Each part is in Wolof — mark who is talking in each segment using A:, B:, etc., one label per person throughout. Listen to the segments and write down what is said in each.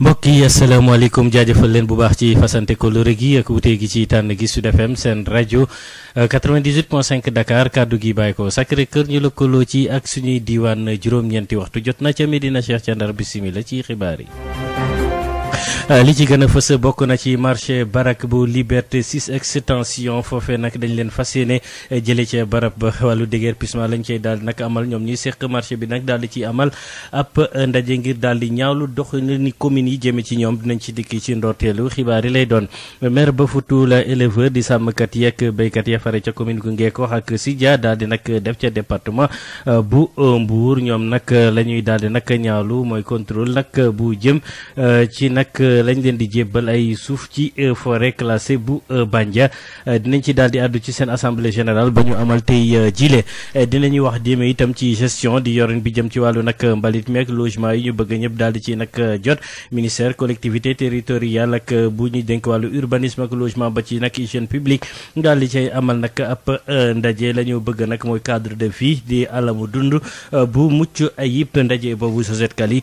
A: mbokk yi asalaamaaleykum jaajëfal leen bu baax ci fasante kolore gi ak wutee gi ci tànn gi Sud FM seen rajo 98.5 euh, Dakar kàddu gi bàyyi ko Sacré kër ñu lëkkaloo ci ak suñuy diiwaan juróom-ñeenti waxtu jot na ca dina Cheikh ca Ndar bisimila ci xibaar yi. Euh, li ci gën a fës bokk na ci marché barak bu liberté 6 extension foofee nag dañ leen fas yéene euh, jëlee ca barab ba wàllu déguerpissement lañ cay daal nag amal ñoom ñuy seq marché bi nag daal di ciy amal ab euh, ndaje ngir daal di ñaawlu doxalin ni communes yi jëme ci ñoom dinañ ci dikk dikki ci ndorteelu xibaar yi lay doon maire ba futu la éleveur di sàmmkat yeeg béykat ya fare ca commune gu ngeek wax ak Sidia daal di nag def ca département bu Mbour ñoom nag la ñuy daal di nag lañ leen di jébbal ay suuf ci euh, forêt classée bu euh, Bandia euh, dinañ ci daal di àddu ci seen assemblée générale ba ñu amal tey jile dinañuy wax déeme itam ci gestion di yorin bi jëm ci wàllu nag mbalit meek logement yi ñu bëgg ñëpp daal di ci nag jot ministère collectivité territoriale ak bu ñu dénk wàllu urbanisme ak logement ba ci nag hygiène publique daal di cay amal nag ab ndaje la ñu bëgg nag mooy cadre de vie di alamu dund bu mucc ayib ndaje boobu Sosét Kali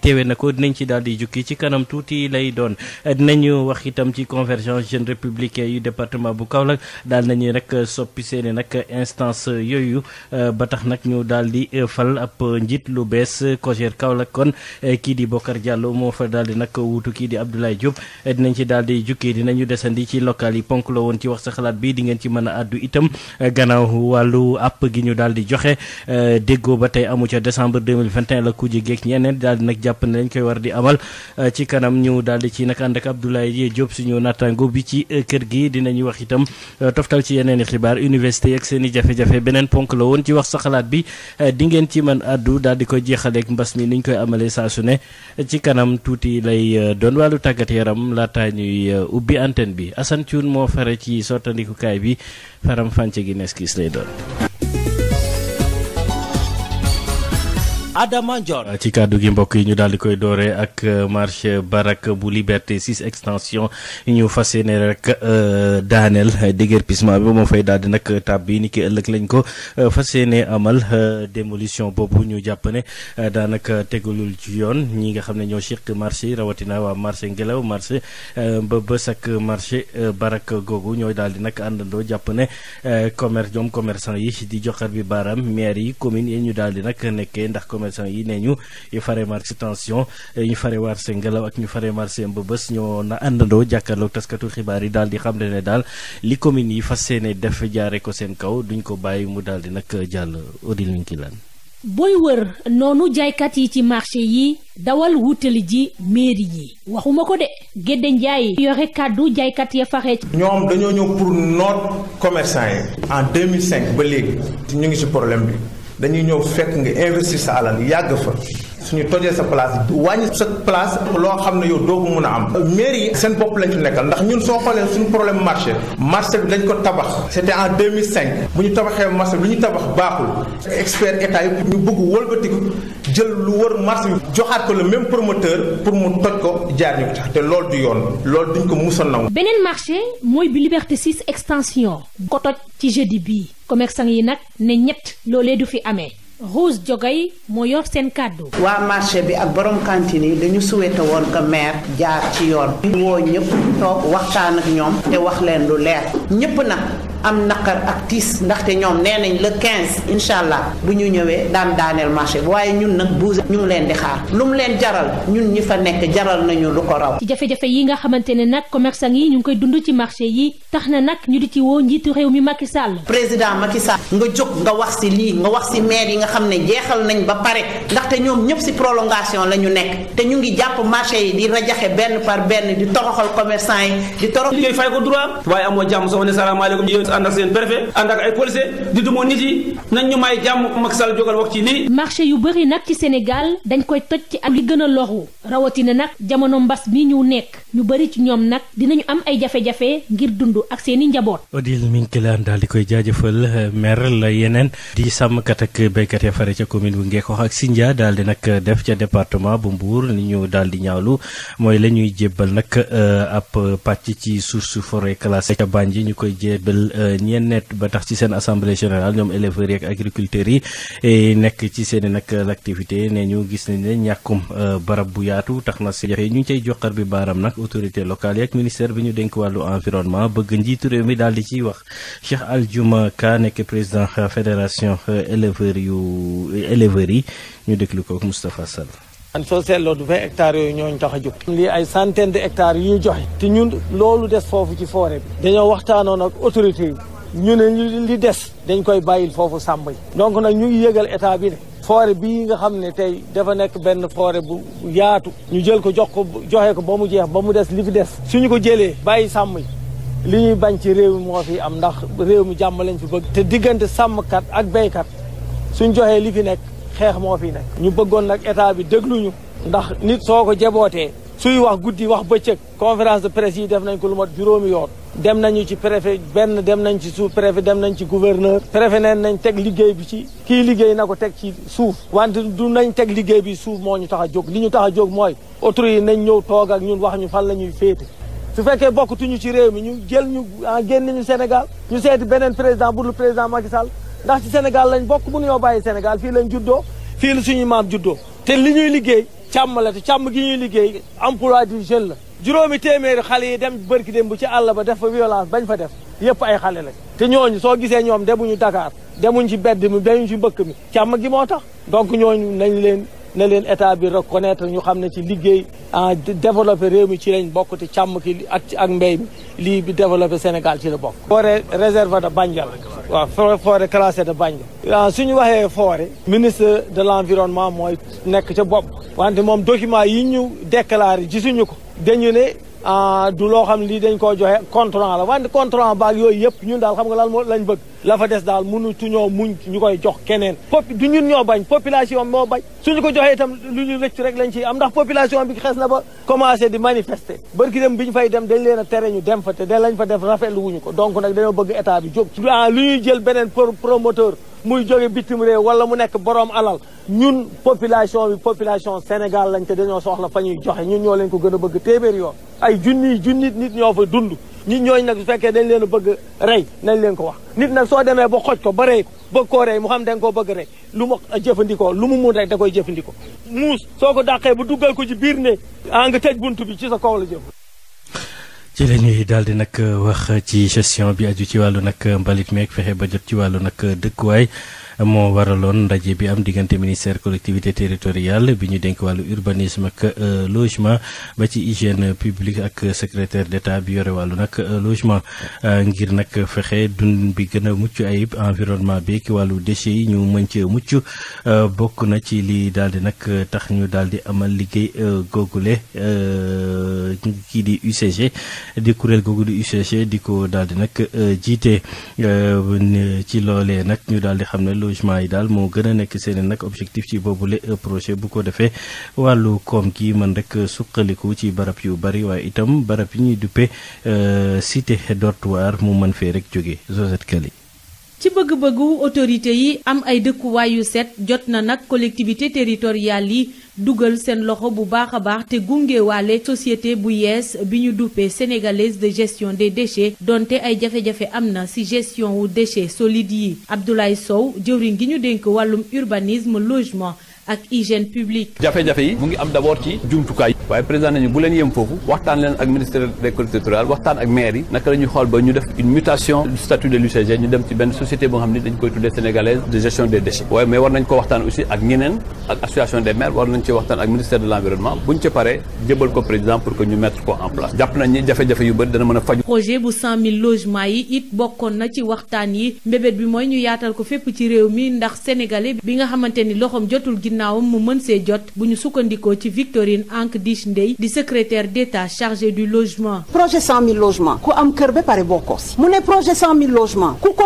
A: dinañu wax itam ci convergence jeune républicain yu département bu Kaolack daal nañu rek soppi seeni nag instance yooyu euh, ba tax nag ñu daal di euh, fal ab njiit lu bees COJER Kaolack kon euh, kii di bokkar Diallo moo fa daal di nag wuutu kii di Abdoulaye Diop dinañ ci daal di jukkee dinañu desandi ci local yi ponk la woon ci wax sa xalaat bi di ngeen ci mën a àddu itam gannaaw wàllu app gi ñu daal di joxe déggoo ba tey amu ca décembre 2021 la ku ji geeg ñeneen daal di nag jàpp ne dañ koy war di amal nag ànd ak Abdoulaye Diop suñu nattaango bi ci euh, kër gi dinañu wax itam euh, toftal ci yeneen xibaar université ak seen i jafe-jafe beneen ponk la woon ci wax sa xalaat bi euh, di ngeen ci mën àddu daal di ko jeexaleeg mbas mi niñ koy amalee saasu ne ci kanam tuuti lay doon wàllu tàggat yaram laataa ñuy ubbi antenne bi Assane moo fare ci sottandikukaay bi faram fànce gi nees lay doon. Adama Ndione ci kàddu gi mbokk yi ñu daal di koy dooree ak euh, marche barak bu liberté 6 extension ñu fas yéene rek euh, daaneel déguerpissement bi moo fay daal di nag tab bi ni ëllëg lañu ko euh, fas yéene amal démolition boobu ñu jàpp ne daanaka tegalul ci yoon ñi nga xam ne ñoo siq marché yi rawatina waa marché ngelaw marché mbëbës ak marché barak googu ñooy daal di nag àndandoo jàpp ne commerce ñoom commerçant yi di joxar bi baaraam maire commune yi ñu daal di nag commerçant yi nee ñu ñu fare marché tension ñu fare marché ngelaw ak ñu fare marché mbëbës ñoo na àndandoo jàkkaarloog taskatu xibaar yi daal xam ne daal li communes yi fas yéene def jaare ko seen kaw duñ ko bàyyi mu daal di nag jàll Odile Nkilan
B: booy wër noonu jaaykat yi ci marché yi dawal wutali ji mairie yi waxuma ko de gédde njaay yore kàddu jaaykat ya faxe
C: ñoom dañoo ñëw pour noot commerçant yi en 2005 ba léegi ñu ngi ci problème bi dañuy ñëw fekk nga investir sa alal yàgg fa suñu tojee sa place wàññi sa place loo xam ne yow doo ko mun a am mairie yi seen bopp lañ fi nekkal ndax ñun soo xoolee suñu problème marché marché bi dañ ko tabax c'était en 2005 bu ñu tabaxee marché bi lu ñu tabax baaxul expert état yi ñu bëgg wëlbatiku jël lu wër marché bi joxaat ko le même promoteur pour mu toj ko jaar ñu tax te loolu du yoon loolu duñ ko musa nangu.
B: beneen marché mooy bi Liberté 6 extension. ko toj ci jeudi bii commerçant yi nag ne ñett loolee du fi amee. Rose Diogay moo yor seen kàddu. waa marché bi ak borom cantine yi dañu souhaité woon que maire jaar ci yoon. woo ñëpp toog waxtaan ak ñoom te wax leen lu leer ñëpp na am naqar ak tiis ndaxte ñoom nee nañ la quinze incha allah bu ñu ñëwee daan daaneel marché bi waaye ñun nag buuse ñu ngi leen di xaar lu mu leen jaral ñun ñi fa nekk jaral nañu lu ko raw. ci jafe-jafe yi nga xamante ne nag commerçant yi ñu ngi koy dund ci marché yi tax na nag ñu di ci woo njiitu réew mi Macky Sall. président Macky Sall nga jóg nga wax si lii nga wax si maire yi nga xam ne jeexal nañ ba pare ndaxte ñoom ñëpp si prolongation la ñu nekk te ñu ngi jàpp marché yi di rajaxe benn par benn di toroxal commerçant yi
C: di torox. liggéey fay ko droit waaye amoo jàmm ànd ak seen préfet ànd ak ay policier di dumoo nit yi nañ may jàmm Macky Sall jógal wax ci
A: lii.
B: marché yu bëri nag ci Sénégal dañ koy toj ci ak li gën a loru rawatina nag jamono mbas mi ñu nekk ñu bari ci ñoom nag dinañu am ay jafe-jafe ngir dund ak seen njaboot.
A: Odile Minkilaan daal di koy jaajëfal maire la yeneen di sàmmkat ak béykat ya fare ca commune bu Ngékoox ak Sindia daal di nag def ca département bu Mbour ni ñu daal di ñaawlu mooy la ñuy jébbal nag eh, ab pàcc ci suuf su forêt classée ñu koy jébbal eh, ñeent ba tax ci seen assemblée générale ñoom éleveurs yi ak agriculteurs yi eh, nekk ci seen i nag l'activité ne ñu gis nañ ne ñàkkum euh, barab bu yaatu tax na si jafe ñu ngi cay joxar bi baaraam nag autorité locale yi ak ministère bi ñu dénk wàllu environnement bëgg njiitu réew mi daal di ciy wax Cheikh Aldiouma Ka nekk président euh, fédération euh, éleveurs yu éleveurs yi ñu déglu ko ak Moustapha Sall.
D: an soo seetloo du fay hectares yooyu ñooñ tax a jóg lii ay centaine de hectares yu joxe te ñun loolu des foofu ci forêt bi dañoo waxtaanoon ak autorité yi ñu ne li des dañ koy bàyyil foofu sàmm donc nag ñu ngi yëgal état bi ne forêt bii nga xam ne tey dafa nekk benn foore bu yaatu ñu jël ko jox ko joxe ko ba mu jeex ba mu des li fi des suñu ko jëlee bàyyi sàmm li ñuy bañ ci réew mi moo fi am ndax réew mu jàmm lañ fi bëgg te diggante sàmmkat ak béykat suñ joxee li fi nekk xeex moo fi nag ñu bëggoon nag état bi dégluñu ndax nit soo ko jabootee suy wax guddi wax bëccëg conférence de presse def nañ ko lu mat juróomi yoon. dem nañu ci préfet benn dem nañ ci suuf préfet dem nañ ci gouverneur préfet neen nañ teg liggéey bi ci kii liggéey na ko teg ci suuf wante du nañ teg liggéey bi suuf moo ñu tax a jóg li ñu tax a jóg mooy autorités yi nañ ñëw toog ak ñun wax ñu fan la ñuy féete su fekkee bokkatuñu ci réew mi ñu jël ñu ah, génn ñu Sénégal ñu seeti beneen président bu président Macky ndax ci Sénégal lañ bokk mënuñoo bàyyi Sénégal fii lañ juddoo fii la suñu maam juddoo te li ñuy liggéey càmm la te càmm gi ñuy liggéey emploi du jeune la juróomi téeméeri xale yi dem bërki dem bu ci àll ba def fa violence bañ fa def yëpp ay xale la te ñooñu soo gisee ñoom demuñu Dakar demuñ ci bedd mi demuñ ci mbëkk mi càmm gi moo tax donc ñooñu nañ leen na leen état bi reconnaître ñu xam na ci liggéey en développé réew mi ci lañ bokk te càmm ki ak ak mbéy mi lii bi développé Sénégal ci la bokk. forêt réserve de Bandial waaw forêt classée de Bandial. waaw ah, su ñu waxee forêt. ministre de l'environnement mooy nekk ca bopp. wante moom document yi ñu déclaré gisuñu ko dañu ne. Ah, du loo xam lii dañ koo joxe contrat la wante contrat baag yooyu yëpp ñun daal xam nga lan moo lañ bëgg la fa des daal munu mënutuñoo muñ ñu koy jox keneen pop du ñun ñoo bañ population bi moo bañ suñu ko joxe itam lu ñu rëccu rek lañ ci am ndax population bi xes na ba commencé di manifester bërki dem bi ñu fay dem dañ leen a tere ñu dem fa te da lañ fa def rafetlu ko donc nag dañoo bëgg état bi jóg lu ñuy jël beneen promoteur muy jóge bitim réew wala mu nekk borom alal ñun population bi population Sénégal lañ te dañoo soxla fa ñuy joxe ñun ñoo leen ko gën a bëgg téeméer yoon. ay junniy junni nit ñoo fa dund nit ñooñu nag su fekkee dañ leen a bëgg rey nañ leen ko wax nit nag soo demee ba xoj ko ba rey ko bëgg rey mu xam da nga koo bëgg rey lu mu jëfandikoo lu mu mun rek da koy jëfandikoo. muus soo ko daqee bu duggal ko ci biir ne ah nga tëj bunt bi ci sa kaw la jëf.
A: ci la ñuy daal di nag euh, wax ci gestion bi aju ci wàllu nag euh, mbalit meeg fexe ba jot ci wàllu nag euh, dëkkuwaay. moo waraloon ndaje bi am diggante ministère collectivité territoriale bi ñu dénk wàllu urbanisme ak euh, logement ba ci hygiène publique ak secrétaire d'État bi yore wàllu nag euh, logement euh, ngir nag fexe dund bi gën a mucc ayib environnement bi wàllu déchets yi ñu mën ci mucc bokk na ci li daal di nag tax ñu daal di amal liggéey googule kii di UCG di kuréel googu di UCG di ko daal di nag jiite ci loolee nag ñu daal xam ne logement yi daal moo gën a nekk seen nag objectif ci boobule euh, projet bu ko defee wàllu koom gi mën rek euh, suqaliku ci barab yu bari waaye itam barab yi ñuy duppe euh, cité dortoir mu mën fee rek jóge Josette Kali
B: ci bëgg-bëggu autorité yi am ay dëkkuwaay yu set jot na nag collectivité territoriale yi dugal seen loxo bu baax a baax te gungewaale société bu yees bi ñu duppee sénégalaise de gestion des déchets donte ay jafe-jafe am na ci gestion wu déchets solides yi Abdoulaye Sow jëwriñ gi ñu dénk wàllum urbanisme logement ak hygiène publique.
E: jafe-jafe yi mu ngi am d'abord ci jumtukaay waaye président nañu bu yem foofu waxtaan leen ak ministère des collectivités waxtaan ak maire yi naka la xool ba ñu def une mutation du statut de l'UCG ñu dem ci benn société boo xam ne dañ koy tuddee sénégalaise de gestion des déchets waaye mais war nañ ko waxtaan ak ministère de l'environnement buñ ca paree jébal ko président pour que ñu mettre ko en place jàpp nañ jafe-jafe yu a faju
B: projet bi mooy naaw mu mën see jot bu ñu sukkandikoo ci Victorine Ank Dich Ndeye di secrétaire d'État chargé du logement. projet 100000 ku am kër ba pare bokkoo si mu ne projet 100000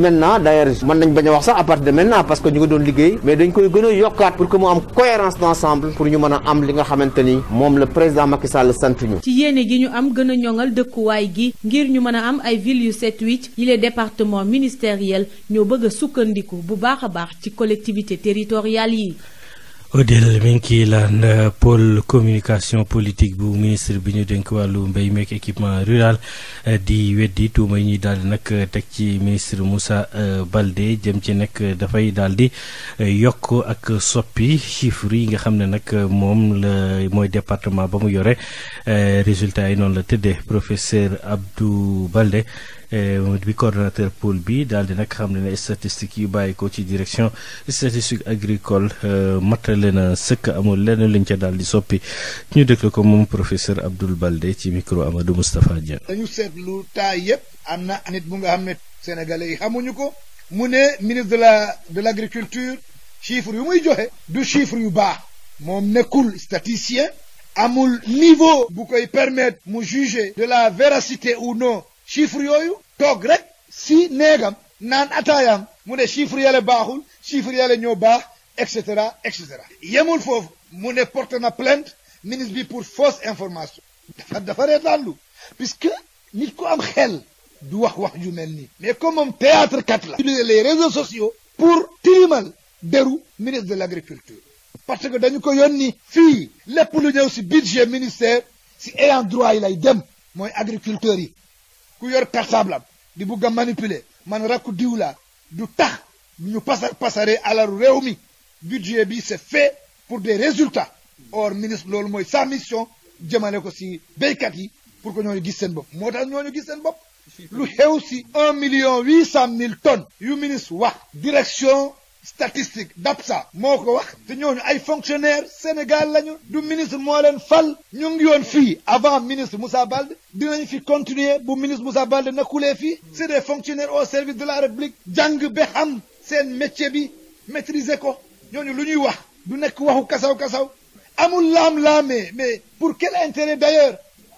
F: maintenant d'ailleurs mën nañ bañ a wax sax à partir de maintenant parce que ñu ngi doon liggéey mais dañ koy gën a yokkaat pour que mu am cohérence d'ensemble pour ñu mën a am li nga xamante ni moom la président Macky Sall sant ñu ci
B: yéene gi ñu am gën a ñoŋal dëkkuwaay gi ngir ñu mën a am ay villes yu set wicc yi les départements ministériels ñoo bëgg a sukkandiku bu baax a baax ci collectivité territoriale yi
A: Odile mi ngi kii laan euh, pôle communication politique bu ministre bi ñu dénk wàllu mbéy meek équipement rural euh, di weddi tuuma yi ñuy daal di nag euh, teg ci ministre Moussa balde jëm ci nag dafay daal di yokk ak soppi chiffres yi nga xam ne nag moom la mooy département ba mu yore résultat yi noonu la tëddee professeur abdu balde Eh, bi coordonnateur poule bi daal di nag xam ne ne statistiques yu bàyyi ko ci direction statistique agricole eh, matale na sëkk amul lenn liñ ca daal di soppi ñu déglu ko moom professeur Abdoul Balde ci micro Amadou Moustapha Dieng.
G: dañu seetlu taa yépp am na nit bu nga xam ne sénégalais yi xamuñu ko mu ne ministre de la de l'agriculture chiffre yu muy joxe du chiffre yu baax moom nekkul statisticien amul niveau bu koy permettre mu juger de la véracité ou non chiffre yooyu toog rek si néegam naan ataayaam mu ne chiffre yàlla baaxul chiffre yàlla ñoo baax et cetera et cetera yemul foofu mu ne porte na plainte ministre pour fausse information dafa dafa reetaan lu puisque nit ku am xel du wax wax ju mel nii mais comme moom théâtre kat la utiliser les réseaux sociaux pour tilimal deru ministre de l' agriculture parce que dañu ko yónni fii lépp lu ñëw si budget ministère si ayant droit yi lay dem mooy agriculteurs yi ku yor portable am di bugg a manipuler man rakku diw laa du tax ñu pasar pasare alalu réew mi budget bi c'est fait pour des résultats or ministre loolu mooy sa mission jëmale ko si béykat yi pour que ñooñu gis seen bopp moo tax ñooñu gis seen bopp lu xew si un million huit cent mille tonnes yu ministre wax direction statistique DAPSA moo ko wax te ñooñu ay fonctionnaire Sénégal lañu du ministre moo leen fal ñu ngi yoon fii avant ministre Moussa Balde dinañ fi continuer bu ministre Moussa Balde nakkulee fii c'est des fonctionnaires au service de la République jàng be xam seen métier bi maîtriser ko ñooñu lu ñuy wax du nekk waxu kasaw-kasaw amul laam-laamee mais pour quel intérêt d'ailleurs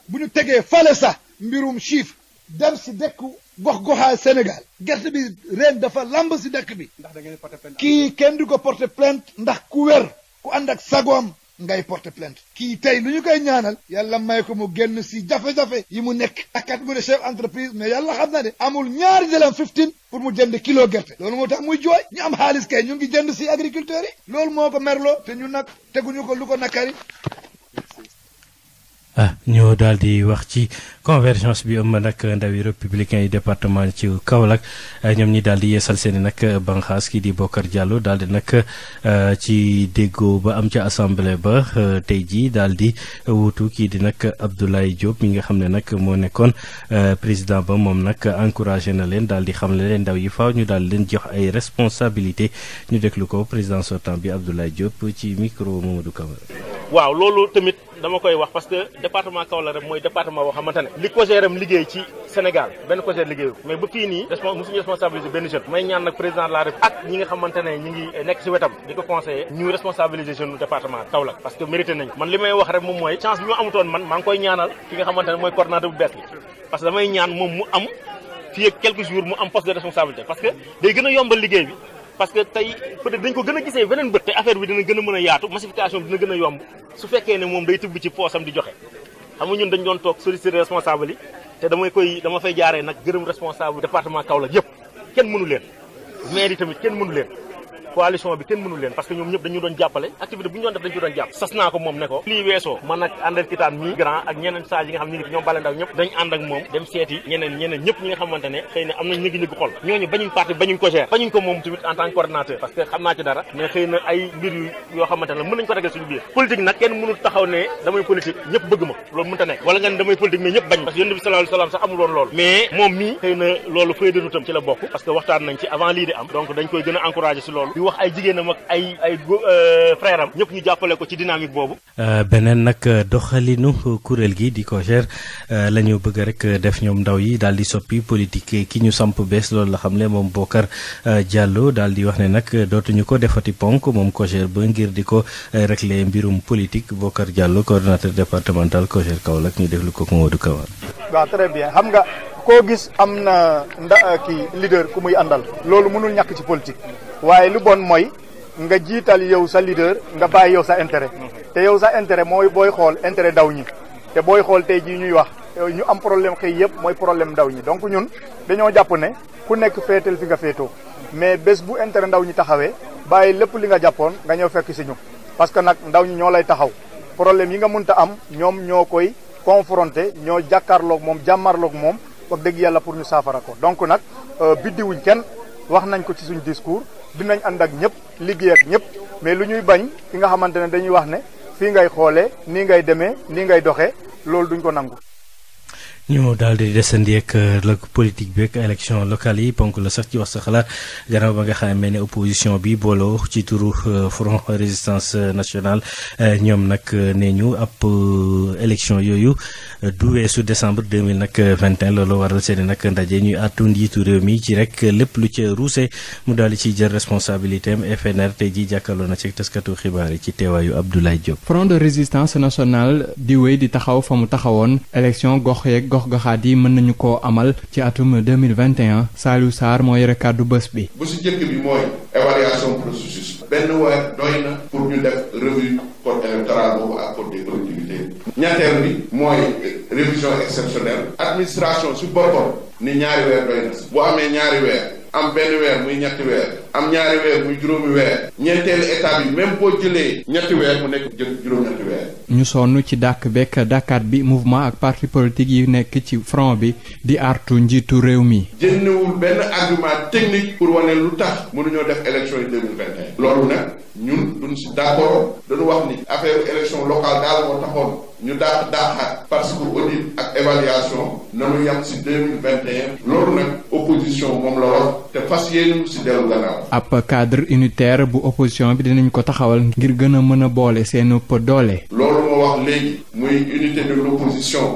G: bu ñu tegee fale sax mbirum chiffre dem si dëkku gox goxaa Sénégal gerte bi ren dafa lamb si dëkk bi. ndax da ngeen porté kii kenn du ko porté plainte ndax ku wér ku ànd ak sagoom ngay porté plainte kii tey lu ñu koy ñaanal yàlla may ko mu génn si jafe-jafe yi mu nekk ak at mu de chef entreprise mais yàlla xam na de amul ñaari delam fifteen pour mu jënd kilo gerte loolu moo tax muy jooy ñu am xaalis kay ñu ngi jënd si agriculteurs yi loolu moo ko merloo te ñu nag teguñu ko lu ko nakari
A: ah ñu daal di wax ci convergence bi ëmb nag ndawi républicain yi département ci Kaolack ah, ñoom ñi daal di yeesal seen i nag banxaas kii di Bokar Diallo daal di nag ah, ci déggo ba am ca assemblée ba ah, tey jii daal di wuutu kii di nag Abdoulaye Diop mi nga xam ne nag moo nekkoon président ba moom nag encouragé na leen daal di xam le leen ndaw yi faaw ñu daal leen jox ay responsabilité ñu déglu ko président sortant bi Abdoulaye Diop ci micro Mamadou Camara
C: waaw loolu tamit dama koy wax parce que département Kaolack rek mooy département boo xamante ne li COJER am liggéey ci Sénégal benn COJER liggéeyu mais ba fii nii mosuñu responsabiliser benn jeune may ñaan nag président de la ak ñi nga xamante ñi ngi nekk si wetam di ko conseiller ñu responsabiliser jeune département Kaolack parce que mérité nañu man li may wax rek moom mooy chance bi ma amutoon man maa ngi koy ñaanal ki nga xamante mooy coordonnateur que damay ñaan moom parce que tey peut-être dañ ko gën a gisee beneen bët te affaire bi dina gën a mën a yaatu massification bi dina gën a yomb su fekkee ne moom day tibb ci poosam di joxe xam nga dañ doon toog solliciter responsable yi te damay koy dama fay jaaree nag gërëm responsable département Kaolack yëpp kenn mënu leen mais yi tamit kenn mënu leen coalition bi kenn mënul leen parce que ñoom ñëpp dañu doon jàppale activité bu doon def dañu doon jàpp sas naa ko moom ne ko lii weesoo man nag ànd kitaan mi grand ak ñeneen saa yi nga xam ne ñi ngi ñoom bale ndaw ñëpp dañ ànd ak bañuñ ko gère bañuñ ko moom tamit en tant coordinateur parce que xam naa ci dara mais xëy na ay mbir yu yoo xamante mën nañ ko régler suñu biir politique nag kenn mënul taxaw ne damay politique ñëpp bëgg ma loolu a encourager ci wax ay jigéenam ak ay ay euh, frère am ñëpp ñu jàppale ko ci dynamique boobu.
A: Euh, beneen nag euh, doxalinu kuréel gi di COJER la ñu bëgg rek def ñoom ndaw yi daal di soppi politique ki ñu samp bees loolu la xam ne moom Bocar Diallo daal di wax ne nag dootuñu ko defati ponk moom COJER ba ngir di ko réglé mbirum politique Bocar Diallo coordonnateur départemental COJER Kaolack ñu déglu ko Mamadou Kawar.
F: waaw très bien xam nga koo gis am na nda kii leader ku muy àndal loolu mënul waaye lu bon mooy nga jiital yow sa leader nga bàyyi yow sa intérêt te yow sa intérêt mooy booy xool intérêt ndaw ñi te booy xool tey jii ñuy wax ñu am problème xëy yëpp mooy problème ndaw ñi donc ñun dañoo jàpp ne ku nekk féetal fi nga féetoo mais bés bu intérêt ndaw ñi taxawee bàyyi lépp li nga jàppoon nga ñëw fekk si ñu parce que nag ndaw ñi ñoo lay taxaw problème yi nga mënta am ñoom ñoo koy confronté ñoo jàkkaarloog moom jàmmarloog moom wax dégg yàlla pour ñu saafara ko donc nag euh, biddiwuñ kenn wax nañ ko ci suñ discours dinañ ànd ak ñëpp liggéey ak ñëpp mais lu ñuy bañ ki nga xamante ne dañuy wax ne fii ngay xoolee nii ngay demee nii ngay doxee loolu duñ ko nangu.
A: ñu daal di desandi ak euh, la politique bi ak élection locale yi ponk la sax ci wax sa xalaat gannaaw ba nga xamee ne opposition bi booloo ci turu euh, front résistance nationale euh, ñoom nag nee ñu ab élection yooyu du weesu décembre deux mille nag vingt et un loolu waral seeni nag ndaje ñuy àttu njiitu réew mi ci rek lépp lu ca ruuse mu daal di ciy jël responsabilité am FNR tey jii jàkkaarloo na ci taskatu xibaar yi ci teewaayu Abdoulaye Diop.
H: front de résistance di di taxaw fa mu taxawoon élection gox yeeg gox-goxaat yi mën nañu koo amal ci atum 2021 Saliou Sarr moo yore kàddu bés bi
E: bu si jëkk bi mooy évaluation processus benn weer doy na pour ñu def revue code électoral boobu ak code des collectivités ñetteel bi mooy révision exceptionnelle administration su boppam ni ñaari weer doy na bu amee ñaari weer am benn weer muy ñetti weer am ñaari weer muy juróomi weer ñeenteelu état bi même boo jëlee ñetti weer mu nekk jël juróom-ñetti weer.
H: ñu sonn ci dàq bekk dàqaat bi mouvement ak parti politique yi nekk ci front bi di artu njiitu réew mi.
E: jëndewul benn argument technique pour wane lu tax mënuñoo def élection yi 2021. loolu nag ñun duñ si d'accord dañu wax ni affaire élection locale daal moo taxoon. ñu daax daaxaat parce que audit ak évaluation nanu yam si deux mille loolu nag opposition moom la wax te fas yéenu si dellu gannaaw.
H: ab cadre unitaire bu opposition bi dinañ ko taxawal ngir gën a mën a boole seen doole.
E: loolu moo wax léegi muy unité de l' opposition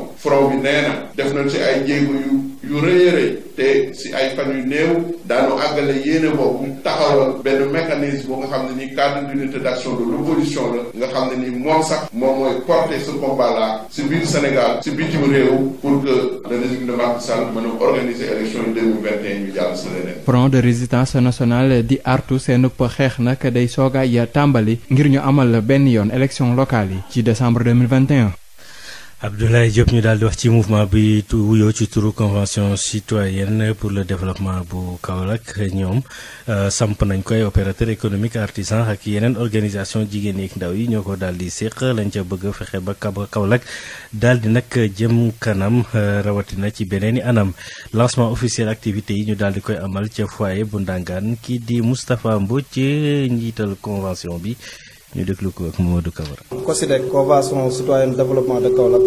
E: bi nee def nañ si ay jéego yu. yu rëy te si ay fan yu néew daanu àggale yéene boobu taxawal benn mécanisme bu nga xam ne ni cadre d'unité d'action de l'opposition la nga xam ne ni moom sax moom mooy porter ce combat si biir Sénégal si bitim réew pour que le régime de Macky Sall mën a organiser élection yi jàll si
H: leneen. de résistance nationale di artu seen xeex nag day soogaay tàmbali ngir ñu amal benn yoon élection locale yi ci décembre 2021.
A: Abdoulaye Diop ñu daal di wax ci mouvement bi wuyoo ci turu convention citoyenne pour le développement bu Kaolack ñoom euh, samp nañ ko ay opérateur économique artisan ak yeneen organisation jigéen yeeg ndaw yi ñoo ko daal di séq lañ ca bëgg fexe ba Kaolack daal di nag jëm kanam euh, rawatina ci beneen i anam lancement officiel activité yi ñu daal di koy amal ca foyer bu Ndangaan kii di Moustapha Mbodj ci njiital convention bi. ñu déglu ko ak Mamadou Camara.
F: COSYDEC convention citoyenne développement de Kaolack.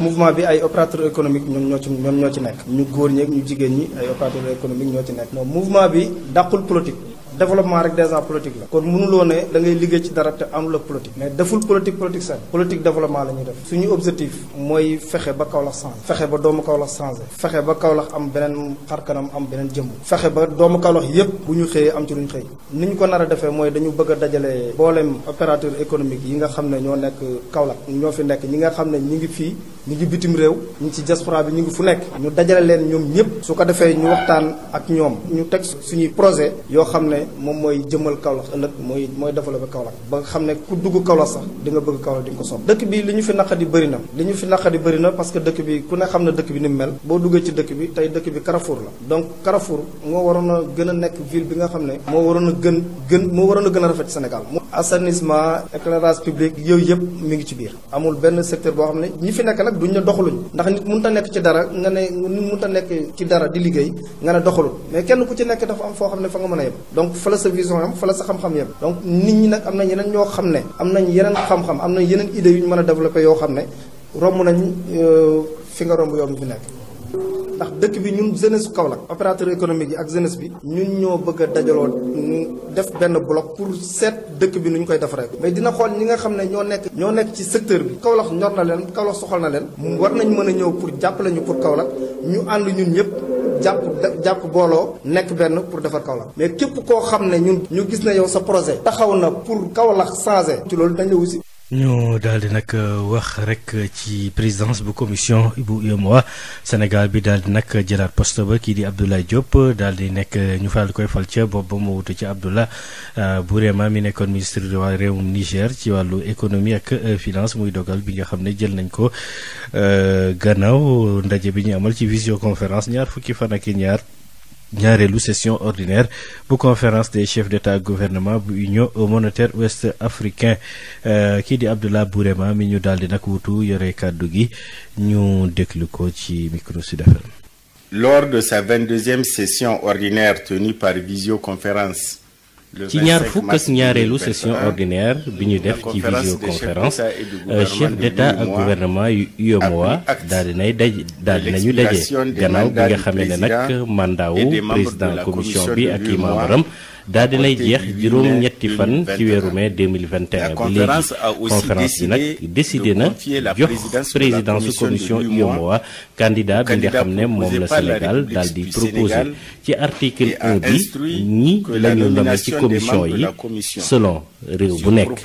F: mouvement bi ay opérateurs économiques ñoom ñoo ci ñoom ñoo ci nekk. ñu góor ñeeg ñu jigéen ñi ay opérateurs économiques ñoo ci nekk. moom mouvement bi dàqul politique. développement rek déjà politique la kon mënuloo ne da liggéey ci dara te amul ak politique mais deful politique politique sax politique développement la ñuy def suñu objectif mooy fexe ba Kaolack changé fexe ba doomu Kaolack changé fexe ba Kaolack am beneen xarkanam am beneen jëmm fexe ba doomu Kaolack yépp bu ñu xëyee am ci luñ xëy ni ñu ko nar a defee mooy dañu bëgg a dajale booleem opérateur économique yi nga xam ne ñoo nekk Kaolack ñoo fi nekk ñi nga xam ne ñi ngi fii ñu ngi bitim réew ñu ngi ci diaspora bi ñu ngi fu nekk ñu dajale leen ñoom ñëpp su ko defee ñu waxtaan ak ñoom ñu teg suñuy projet yoo xam ne moom mooy jëmal Kaolack ëllëg mooy mooy développé Kaolack ba xam ne ku dugg Kaolack sax di bëgg Kaolack di ko sopp dëkk bi li ñu fi naqadi bëri na li ñu fi naqadi bëri na parce que dëkk bi ku ne xam na dëkk bi ni mu mel boo duggee ci dëkk bi tey dëkk bi Carrefour la donc Carrefour moo waroon a gën a nekk ville bi nga xam ne moo waroon a gën gën moo waroon a gën a rafet Sénégal assainissement éclairage public yooyu yëpp mi ngi ci biir amul benn secteur boo xam ne ñi fi nekk nag duñ ne doxaluñ ndax nit mënut a nekk ci dara nga ne nit mënut a nekk ci dara di liggéey nga ne doxalul mais kenn ku ci nekk dafa am foo xam ne fa nga mën a yem donc fa la sa vision yem fa la sa xam-xam yem donc nit ñi nag am nañ yeneen ñoo xam ne am nañ yeneen xam-xam am nañ yeneen idée yu ñu mën a développé yoo xam ne romb nañ euh, fi nga romb yoon bi fi nekk ndax dëkk bi ñun jeunesse Kaolack opérateur économique yi ak jeunesse bi ñun ñoo bëgg a dajaloo ñu def benn bloc pour seet dëkk bi nu ñu koy defaree mais dina xool ñi nga xam ne ñoo nekk ñoo nekk ci secteur bi Kaolack ñor na leen Kaolack soxal na leen war nañ mën a ñëw pour jàppale ñu pour Kaolack ñu ànd ñun ñëpp jàpp jàpp booloo nekk benn pour defar Kaolack mais képp koo xam ne ñun ñu gis na yow sa projet taxaw na pour Kaolack changer ci loolu dañ la
A: ñu daal di nag euh, wax rek euh, ci présidence bu commission bu UEMOA Sénégal bi daal di nag jëlaat poste ba kii di Abdoulaye Diop daal di nekk euh, ñu faral di koy fal ca bopp ba mu wutu ci Abdoulah Bourema mi nekkoon ministre de waa réewum Niger ci wàllu économie ak finance muy dogal bi nga xam ne jël nañ ko gannaaw ndaje bi ñuy amal ci visioconférence ñaar fukki fan ak ñaar. ñaareelu session ordinaire bu conférence des chefs d'état gouvernement bu union monétaire ouest africain euh, kii di Abdallah Bourema mi ñu daal di nag wutu yore kàddu gi ñu déglu ko ci micro Sud FM.
C: Lors de sa 22e session ordinaire tenue par visioconférence ci ñaar fukk ak ñaareelu session euh, ordinaire bi ñu def ci visioconférence euh, chef d'état ak gouvernement yu UEMOA
A: daal dinay daj daal dinañu daje gannaaw bi nga xamee ne nag mandat wu président commission bi ak i membre am daal di nay jeex juróom-ñetti fan ci weeru mai 2021 ba léegi conférence bi nag décidé na jox présidence su commission UEMOA candidat bi nga xam ne moom la Sénégal daal di proposé ci article 1 bi ñi la ñu nommé ci commission yi selon réew bu nekk.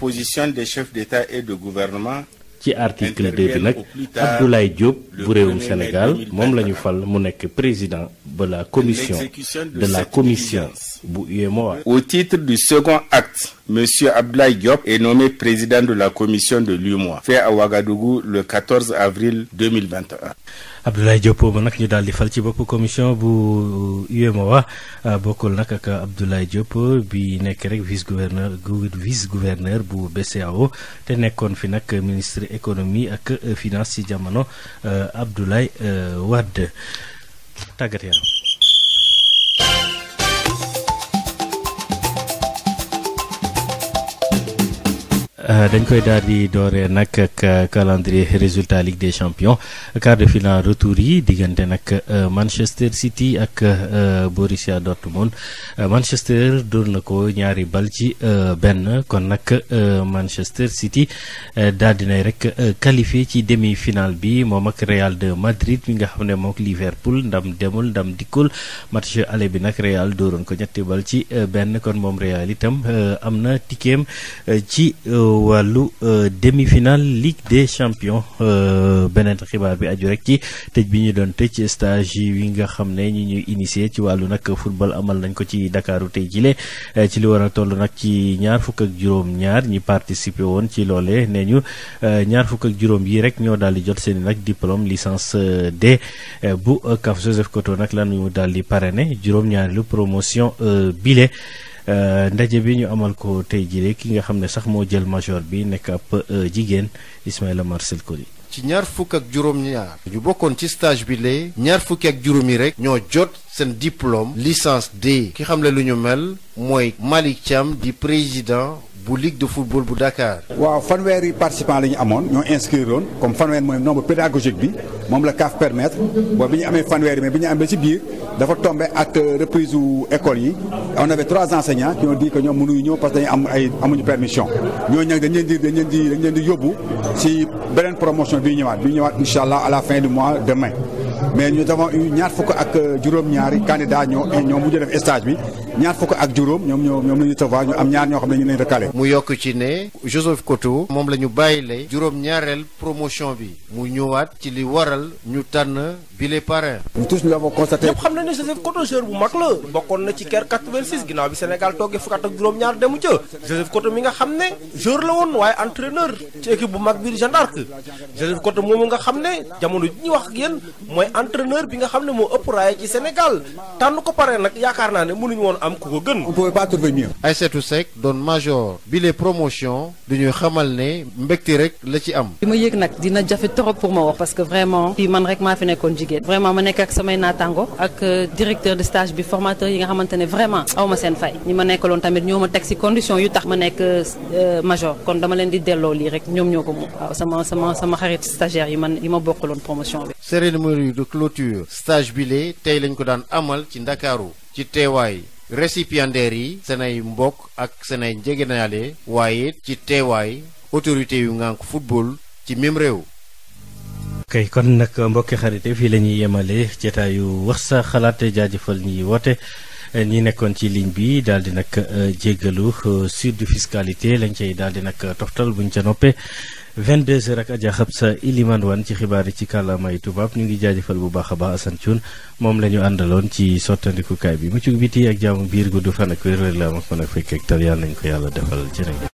A: ci article 2 bi nag Abdoulaye Diop bu réewum Sénégal moom la ñu fal mu nekk président de la commission de la commission bu UEMOA.
C: Au titre du second acte, Monsieur Abdoulaye Diop est nommé président de la commission de l'UEMOA, fait à Ouagadougou le 14 avril 2021.
A: Abdoulaye Diop ba nag ñu daal di fal ci bopp commission bu wa euh, bokkul nag ak Abdoulaye Diop bi nekk rek vice gouverneur vice gouverneur bu BCEAO te nekkoon fi nag ministre économie ak finance ci jamono euh, Abdoulaye euh, Wade tàggat yaram Euh, dañ koy daal di dooree nag ak euh, calendrier résultat Ligue des champion quart de finale retour yi diggante nag euh, Manchester City ak Borussia Dortmund Manchester dóor na ko ñaari bal ci benn kon nag Manchester City daal di nay rek qualifié ci demi-finale bi moom ak Real de Madrid mi nga xam ne mook Liverpool ndam demul ndam dikkul match aller bi nag Real dooroon ko ñetti bal ci benn kon moom Real itam am na tikkeem ci. wàllu euh, demi-finale Ligue des champions euh, beneen xibaar bi aju rek ci tëj bi ñu doon tëj stage yi nga xam ne ñi ñuy initié ci wàllu nag football amal nañ ko ci Dakaaru tey jile euh, ci li war a toll nag ci ñaar fukk ak juróom-ñaar ñi participé woon ci loole nee ñu ñaar fukk ak juróom yi rek ñoo daal di jot seen nag diplôme licence D bu CAF Joseph Koto nag lan daldi daal di juróom-ñaari lu promotion bile. Euh, ndaje bi ñu amal ko tey jii ki nga xam ne sax moo jël major bi nekk ab euh, jigéen Ismaïla Marcel Coly
C: ci ñaar fukk ak juróom-ñaar ñu bokkoon ci stage bi lee ñaar fukki ak juróomi rek ñoo jot seen diplôme licence D ki xam ne lu ñu mel mooy Malick Thiam di président bu ligue de football bu Dakar. waaw fanweeri participants la amoon ñoo inscrire woon comme fanweer mooy nombre pédagogique bi moom la CAF permettre boo bi ñu amee fanweeri mais bi ñu amee ci biir dafa tombé ak euh, reprise u école yi on avait trois enseignants qui ont dit que ñoom mënuñu ñëw parce que dañu am ay amuñu permission ñoo nag dañ leen di dañ leen di dañ leen di yóbbu ci beneen promotion bi ñëwaat bi ñëwaat incha allah à la fin du mois mai mais ñu avons eu ñaar fukk ak juróom-ñaari candidat ñoo ñoo mujj def stage bi ñaar fukk ak juróom ñoom ñoo ñoom la ñu recevoir ñu am ñaar ñoo xam ne ñu leen recalé. mu yokk ci ne Joseph Koto moom la ñu bàyyi lay juróom-ñaareel promotion bi mu ñëwaat ci li waral ñu tànn bi les parrains. ñu
F: tous nous l'avons constaté.
C: bu mag la bokkoon
F: na ci CAN 86 ginnaaw bi Sénégal toogee fukk ak juróom-ñaar demu ca Joseph Koto mi nga xam ne joueur la woon waaye entraîneur ci équipe bu mag biir Jeanne d'Arc Joseph Koto moomu nga xam ne jamono ji ñu wax entreneur bi nga xam ne moo ëpp raaya ci Sénégal tànn ko pare nag yaakaar
C: naa ne mënuñu woon am ku ko gën. on pouvait pas trouver mieux. Aïssatou doon major bi les promotion du ñuy xamal ne mbégte rek la ci am. bi ma yéeg nag dina jafe trop pour ma wax parce que vraiment
B: fii man rek maa fi nekkoon jigéen vraiment ma nekk ak samay naataango ak euh, directeur de stage bi formateur yi nga xamante ne vraiment aw ma seen fay ñi ma nekkaloon tamit ñoo ma teg si condition yu tax ma nekk euh, major kon dama leen di delloo lii rek ñoom ñoo ko moom waaw sama sama xarit stagiaire yi man yi ma bokkaloon promotion
C: bi. de clôture stage bile tey lañ ko daan amal ci ndakaaru ci teewaay récipiendaires yi seenay mbokk ak seenay njegenaale waaye ci teewaay autorité yu ngànk football ci mim réew
A: kay kon nag mbokki xarite fii lañuy ñuy yemale jataayu wax sa xalaat jaajëfal ñiy woote ñi nekkoon ci ligne bi daal di nag euh, jéggalu euh, sud fiscalité lañ cay daal di nag toftal buñ ca noppee 22h ak Adja sa Ilimane Wane ci xibaar yi ci kàllaamay tubaab ñu ngi jaajëfal bu baax a baax Assane moom la ñu àndaloon ci sottandikukaay bi mucc biti ak jaamu biir gudd fan ak wér-wér la am ak mën a fekk ak tal yàlla nañ ko yàlla defal jërëjëf.